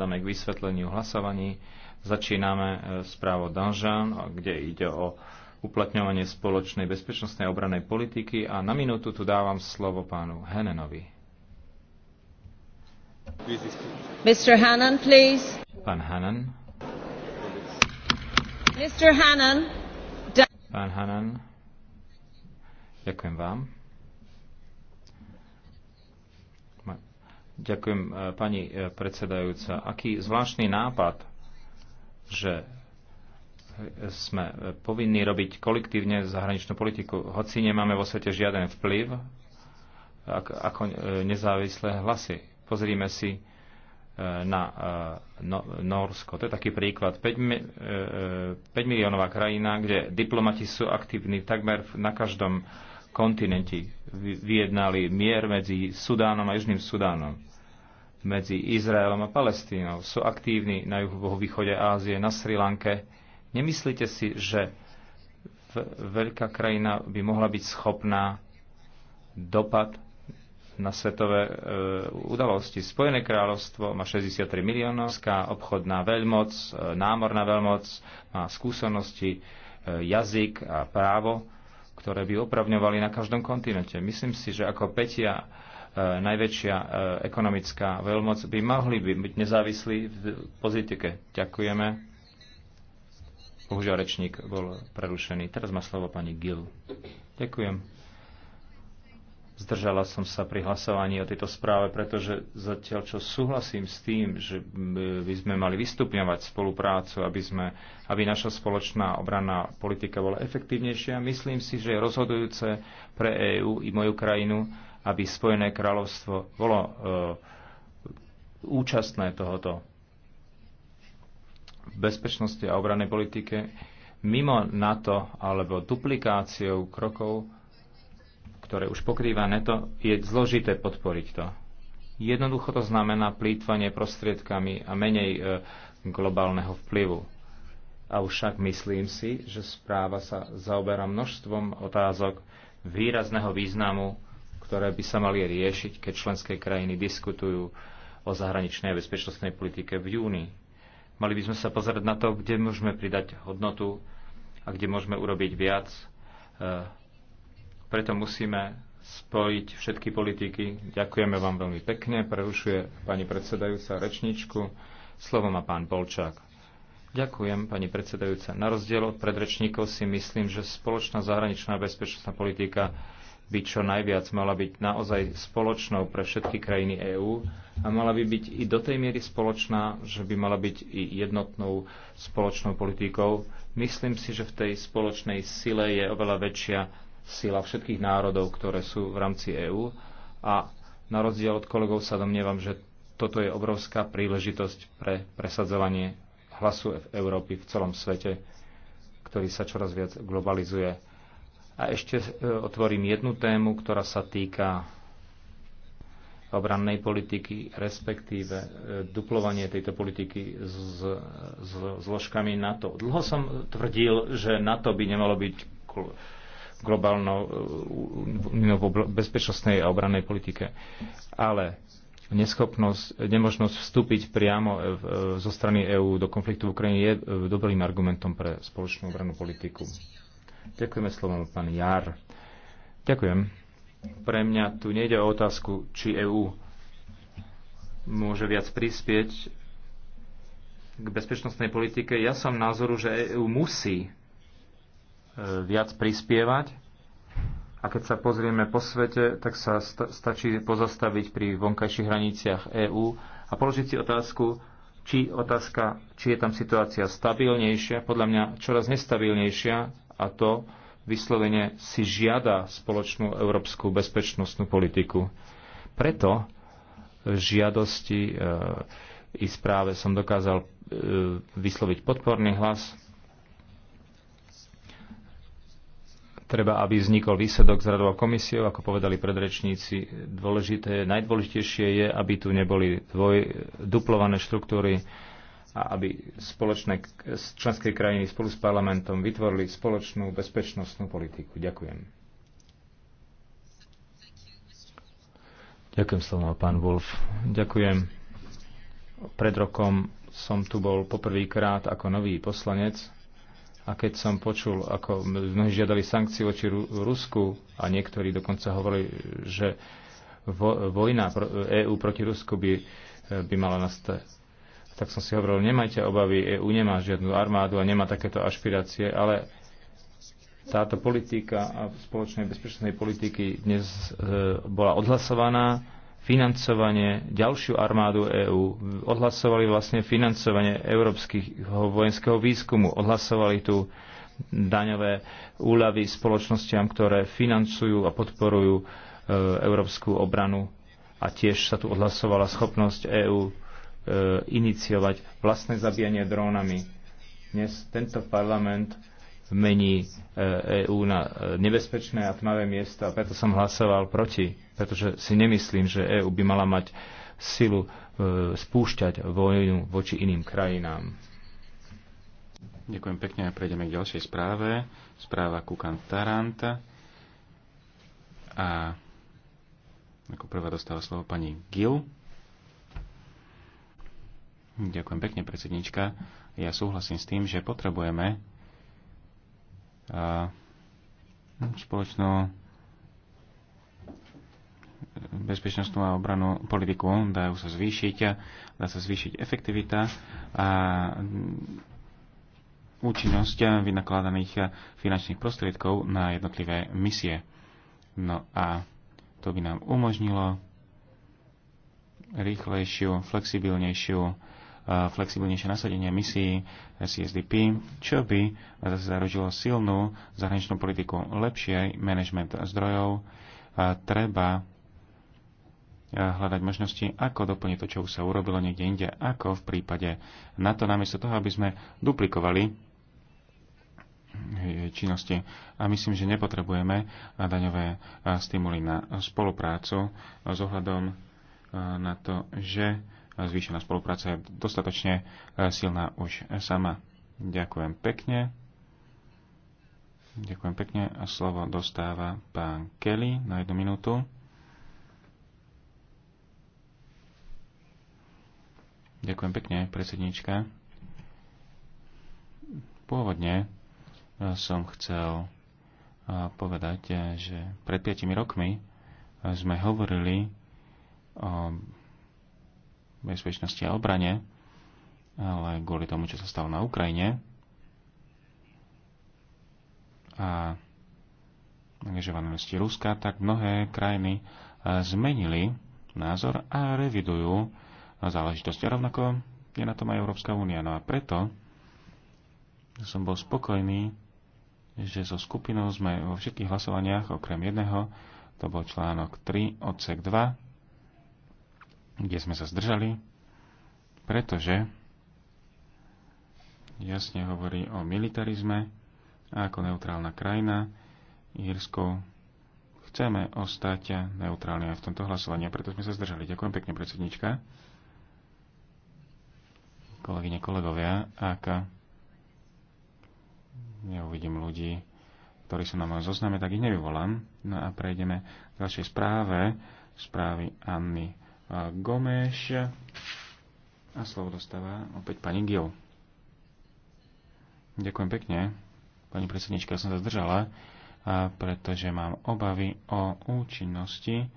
Záme k vysvetleniu hlasovaní. Začíname e, správou Danžan, kde ide o uplatňovanie spoločnej bezpečnostnej obranej politiky a na minútu tu dávam slovo pánu Henenovi. Mr. Hannan, please. Pán Hannan. Mr. Hannan. Pán Hannan. Ďakujem vám. Ďakujem, e, pani e, predsedajúca. Aký zvláštny nápad, že sme povinní robiť kolektívne zahraničnú politiku, hoci nemáme vo svete žiaden vplyv ako e, nezávislé hlasy. Pozrime si na no-, Norsko. To je taký príklad. 5, 5 miliónová krajina, kde diplomati sú aktívni takmer na každom kontinenti vyjednali mier medzi Sudánom a Južným Sudánom, medzi Izraelom a Palestínou. Sú aktívni na východe Ázie, na Sri Lanke. Nemyslíte si, že veľká krajina by mohla byť schopná dopad na svetové e, udalosti. Spojené kráľovstvo má 63 miliónov, obchodná veľmoc, e, námorná veľmoc, má skúsenosti, e, jazyk a právo ktoré by opravňovali na každom kontinente. Myslím si, že ako petia e, najväčšia e, ekonomická veľmoc by mohli byť nezávislí v pozitike. Ďakujeme. Bohužiaľ rečník bol prerušený. Teraz má slovo pani Gil. Ďakujem. Zdržala som sa pri hlasovaní o tejto správe, pretože zatiaľ čo súhlasím s tým, že by sme mali vystupňovať spoluprácu, aby, sme, aby naša spoločná obranná politika bola efektívnejšia, myslím si, že je rozhodujúce pre EÚ i moju krajinu, aby Spojené kráľovstvo bolo e, účastné tohoto bezpečnosti a obranej politike mimo NATO alebo duplikáciou krokov ktoré už pokrýva neto, je zložité podporiť to. Jednoducho to znamená plýtvanie prostriedkami a menej e, globálneho vplyvu. A však myslím si, že správa sa zaoberá množstvom otázok výrazného významu, ktoré by sa mali riešiť, keď členské krajiny diskutujú o zahraničnej a bezpečnostnej politike v júni. Mali by sme sa pozerať na to, kde môžeme pridať hodnotu a kde môžeme urobiť viac e, preto musíme spojiť všetky politiky. Ďakujeme vám veľmi pekne. Prerušuje pani predsedajúca rečničku. Slovo má pán Polčák. Ďakujem, pani predsedajúca. Na rozdiel od predrečníkov si myslím, že spoločná zahraničná bezpečnostná politika by čo najviac mala byť naozaj spoločnou pre všetky krajiny EÚ a mala by byť i do tej miery spoločná, že by mala byť i jednotnou spoločnou politikou. Myslím si, že v tej spoločnej sile je oveľa väčšia sila všetkých národov, ktoré sú v rámci EÚ a na rozdiel od kolegov sa domnievam, že toto je obrovská príležitosť pre presadzovanie hlasu v Európy v celom svete, ktorý sa čoraz viac globalizuje. A ešte e, otvorím jednu tému, ktorá sa týka obrannej politiky, respektíve e, duplovanie tejto politiky s, s zložkami NATO. Dlho som tvrdil, že NATO by nemalo byť globálno uh, bezpečnostnej a obrannej politike. Ale neschopnosť, nemožnosť vstúpiť priamo e, e, zo strany EÚ do konfliktu v Ukrajine je e, dobrým argumentom pre spoločnú obrannú politiku. Ďakujeme slovom pán Jar. Ďakujem. Pre mňa tu nejde o otázku, či EÚ môže viac prispieť k bezpečnostnej politike. Ja som názoru, že EÚ musí E, viac prispievať. A keď sa pozrieme po svete, tak sa stačí pozastaviť pri vonkajších hraniciach EÚ a položiť si otázku, či otázka, či je tam situácia stabilnejšia, podľa mňa čoraz nestabilnejšia a to vyslovene si žiada spoločnú európsku bezpečnostnú politiku. Preto žiadosti e, i správe som dokázal e, vysloviť podporný hlas treba, aby vznikol výsledok s radovou komisiou, ako povedali predrečníci. Dôležité, najdôležitejšie je, aby tu neboli dvoj, duplované štruktúry a aby spoločné členské krajiny spolu s parlamentom vytvorili spoločnú bezpečnostnú politiku. Ďakujem. Ďakujem slovo, pán Wolf. Ďakujem. Pred rokom som tu bol poprvýkrát ako nový poslanec a keď som počul, ako mnohí žiadali sankcie voči Rusku a niektorí dokonca hovorili, že vojna EÚ proti Rusku by, eh, by mala nastať, tak som si hovoril, nemajte obavy, EÚ nemá žiadnu armádu a nemá takéto ašpirácie, ale táto politika a spoločnej bezpečnej politiky dnes eh, bola odhlasovaná financovanie, ďalšiu armádu EÚ, odhlasovali vlastne financovanie európskeho vojenského výskumu, odhlasovali tu daňové úľavy spoločnostiam, ktoré financujú a podporujú e, európsku obranu a tiež sa tu odhlasovala schopnosť EÚ e, iniciovať vlastné zabíjanie drónami. Dnes tento parlament mení EÚ e na e, nebezpečné a tmavé miesta. Preto som hlasoval proti, pretože si nemyslím, že EÚ by mala mať silu e, spúšťať vojnu voči iným krajinám. Ďakujem pekne a prejdeme k ďalšej správe. Správa Kukan Taranta. A ako prvá dostáva slovo pani Gil. Ďakujem pekne, predsednička. Ja súhlasím s tým, že potrebujeme No, spoločnú e, bezpečnostnú a obranú politiku, dajú sa zvýšiť, dá sa zvýšiť efektivita a mm, účinnosť vynakladaných finančných prostriedkov na jednotlivé misie. No a to by nám umožnilo rýchlejšiu, flexibilnejšiu flexibilnejšie nasadenie misií CSDP, e čo by zaručilo silnú zahraničnú politiku, lepšie management zdrojov. Treba e, hľadať možnosti, ako doplniť to, čo už sa urobilo niekde inde, ako v prípade NATO, namiesto toho, aby sme duplikovali e, činnosti. A myslím, že nepotrebujeme daňové stimuly na spoluprácu s ohľadom na to, že zvýšená spolupráca je dostatočne e, silná už sama. Ďakujem pekne. Ďakujem pekne a slovo dostáva pán Kelly na jednu minútu. Ďakujem pekne, predsednička. Pôvodne e, som chcel e, povedať, že pred 5 rokmi sme hovorili o bezpečnosti a obrane, ale kvôli tomu, čo sa stalo na Ukrajine a angažovanosti Ruska, tak mnohé krajiny eh, zmenili názor a revidujú záležitosť. A rovnako je na tom aj Európska únia. No a preto som bol spokojný, že so skupinou sme vo všetkých hlasovaniach, okrem jedného, to bol článok 3, odsek 2, kde sme sa zdržali, pretože jasne hovorí o militarizme a ako neutrálna krajina Írsko chceme ostať neutrálne aj v tomto hlasovaní, preto sme sa zdržali. Ďakujem pekne, predsednička. Kolegyne, kolegovia, ak neuvidím ľudí, ktorí sú na mojom zozname, tak ich nevyvolám. No a prejdeme k ďalšej správe, správy Anny Gomeš a slovo dostáva opäť pani Gil. Ďakujem pekne. Pani predsednička, som sa zdržala, pretože mám obavy o účinnosti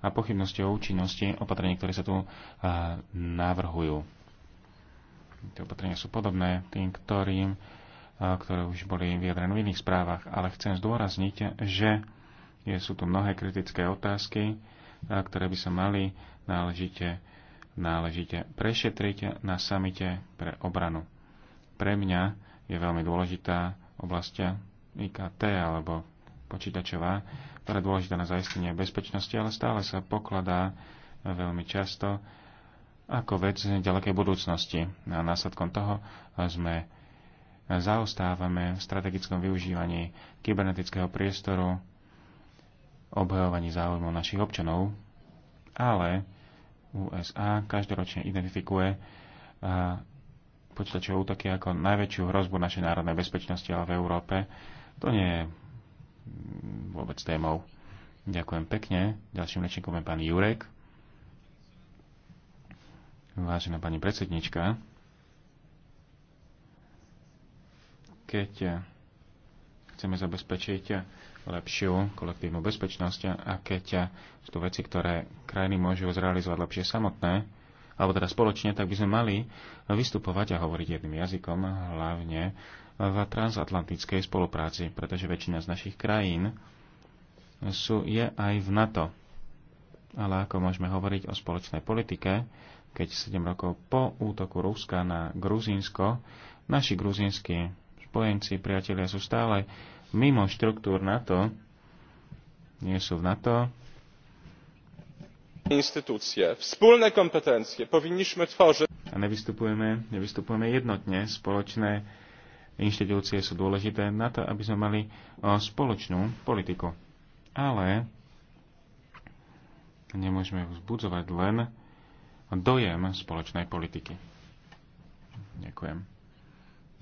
a pochybnosti o účinnosti opatrení, ktoré sa tu navrhujú. Tie opatrenia sú podobné tým, ktorým, ktoré už boli vyjadrené v iných správach, ale chcem zdôrazniť, že sú tu mnohé kritické otázky, ktoré by sa mali náležite, náležite prešetriť na samite pre obranu. Pre mňa je veľmi dôležitá oblasť IKT alebo počítačová, ktorá je dôležitá na zaistenie bezpečnosti, ale stále sa pokladá veľmi často ako vec ďalekej budúcnosti. A následkom toho sme zaostávame v strategickom využívaní kybernetického priestoru, obhajovaní záujmov našich občanov, ale USA každoročne identifikuje počítačové útoky ako najväčšiu hrozbu našej národnej bezpečnosti, ale v Európe to nie je mm, vôbec témou. Ďakujem pekne. Ďalším rečníkom je pán Jurek. Vážená pani predsednička, keď chceme zabezpečiť lepšiu kolektívnu bezpečnosť a keď sú to veci, ktoré krajiny môžu zrealizovať lepšie samotné, alebo teda spoločne, tak by sme mali vystupovať a hovoriť jedným jazykom, hlavne v transatlantickej spolupráci, pretože väčšina z našich krajín sú, je aj v NATO. Ale ako môžeme hovoriť o spoločnej politike, keď 7 rokov po útoku Ruska na Gruzínsko, naši gruzínsky spojenci, priatelia sú stále mimo štruktúr NATO, nie sú v NATO. Instytucje, wspólne kompetencje powinniśmy tworzyć. A nevystupujeme, nevystupujeme jednotne. Spoločné inštitúcie sú dôležité na to, aby sme mali spoločnú politiku. Ale nemôžeme vzbudzovať len dojem spoločnej politiky. Ďakujem.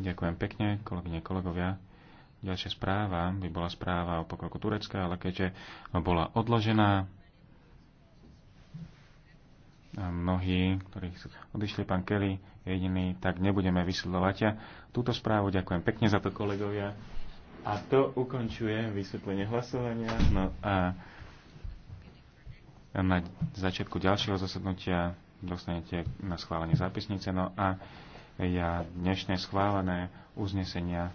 Ďakujem pekne, kolegyne, kolegovia. Ďalšia správa by bola správa o pokroku Turecka, ale keďže bola odložená, a mnohí, ktorí odišli, pán Kelly jediný, tak nebudeme vysvetľovať. Túto správu ďakujem pekne za to, kolegovia. A to ukončuje vysvetlenie hlasovania. No a na začiatku ďalšieho zasadnutia dostanete na schválenie zápisnice. No a ja dnešné schválené uznesenia